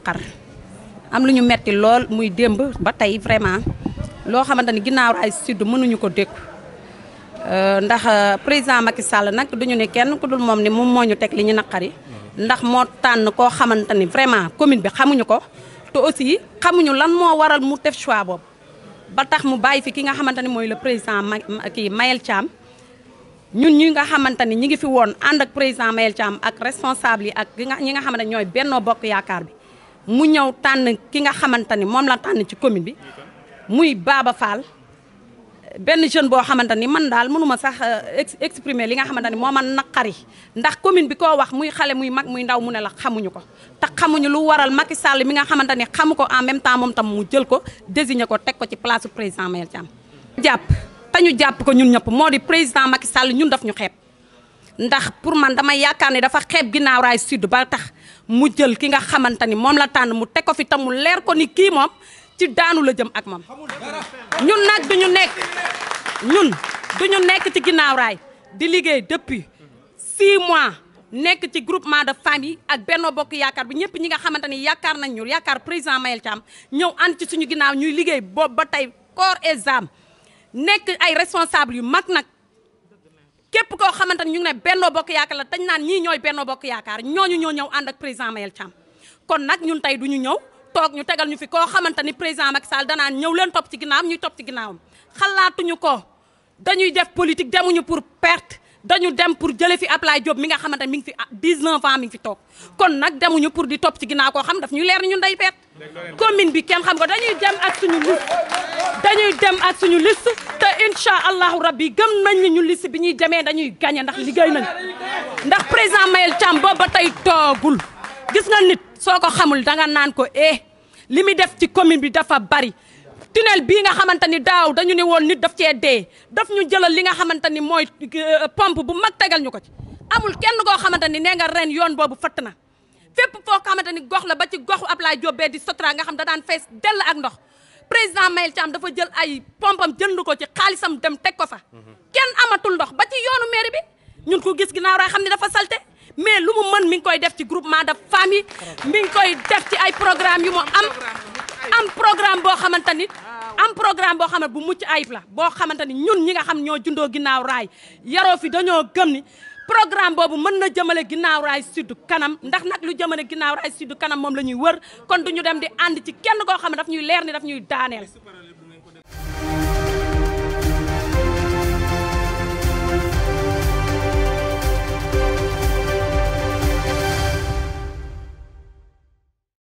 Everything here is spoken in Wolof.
naqar am lu ñu metti lool muy démb ba tey vraiment loo xamante ni ginnaaw ay sud mënuñu ko dékku euh, ndax euh, président Macky Sall nag duñu ne kenn ku dul moom ni moom moo ñu teg li ñu naqari ndax moo tànn koo xamante ni vraiment commune bi xamuñu ko te aussi xamuñu lan moo waral mu def choix boobu ba tax mu bàyyi fi ki nga xamante ni mooy le président kii Mayel Thiam ñun ñi nga xamante ni ñi ngi fi woon ànd ak président Mayel Thiam ak responsable yi ak ñi nga xamante ni ñooy Benno Bokk Yaakaar bi mu ñëw tànn ki nga xamante ni moom la tànn ci commune bi muy baaba Fall benn jeune boo xamante ni man daal mënuma sax euh, exprimer li nga xamante ni moo ma naqari ndax commune bi ko wax muy xale muy mag muy ndaw mu ne la xamuñu ko te xamuñu lu waral Macky Sall mi nga xamante ni xamu ko en même temps moom tam mu jël ko désigné ko teg ko ci place président Mayel Thiam jàpp te ñu jàpp ko ñun ñëpp moo di président Macky Sall ñun daf ñu xeeb ndax pour man damay yaakaar ni dafa xeeb ginnaaw raay sud ba tax mu jël ki nga xamante ni moom la tànn mu teg ko fi te leer ko ni kii moom ci daanu la jëm ak moom ñun nag ñu nekk ñun duñu nekk ci ginnaaw di liggéey depuis six mois nekk ci groupement de famille ak benn Bokk Yaakaar bi ñëpp ñi nga xamante ni yaakaar nañ ñu yaakaar président Mayel Thiam ñëw ànd ci suñu ginnaaw ñuy liggéey boobu ba tey corps et âme nekk ay responsable yu mag nag képp koo xamante ni ñu ngi ne bennoo bokk yaakaar la dañ naan ñii ñooy bennoo bokk yaakaar ñooñu ñoo ñëw ànd ak président Mayel Thiam kon nag ñun tey du ñu ñëw toog ñu tegal ñu fi koo xamante ni président Macky Sall danaan ñëw leen topp ci ginnaawam ñuy topp ci ginnaawam xalaatuñu ko dañuy def politique demuñu pour perte dañu dem pour jële fi Ablaye Diop mi nga xamante ni mi ngi fi 19 ah ans mi ngi fi toog kon nag demuñu pour di topp ci ginnaaw koo xam daf ñu leer ni ñun day perte bi kenn xam ko dañuy dem ak suñu ñuy dem ak suñu liste te incha allahu rabbi gëm nañ ni ñu liste bi ñuy jamee dañuy gagné ndax liggéey nañ ndax président Mayel Thiam booba tey toogul gis nga nit soo ko xamul danga naan ko eh li muy def ci commune bi dafa bari tunnel bii nga xamante ni daaw dañu ne woon nit daf cee dee daf ñu jëlal li nga xamante ni mooy euh, pompe bu mag tegal ñu ko ci amul kenn koo xamante ni nee nga ren yoon boobu fett na fépp foo xamante ni gox la ba ci gox ab Diop bee di sotra nga xam da daan fees dell ak ndox président Mayel Thiam dafa jël ay pompam jël jënd ko ci xaalisam dem teg ko fa kenn amatul ndox ba ci yoonu mairie bi ñun ko gis ginnaaw raay xam ne dafa salte mais lu mu mën mi ngi koy def ci groupement de femmes yi mi koy def ci ay programme yu mu am am programme boo xamante ni am programme boo xam ne bu mucc ayib la boo xamante ni ñun ñi nga xam ñoo jundoo ginnaaw raay yaroo fi dañoo gëm ni programme boobu mën na jëmale ginnaaw raay sud kanam ndax nag lu jëmale ginnaaw raay sud kanam moom la ñuy wër kon du ñu dem di ànd ci kenn koo xam ne daf ñuy leer ni daf ñuy daaneel.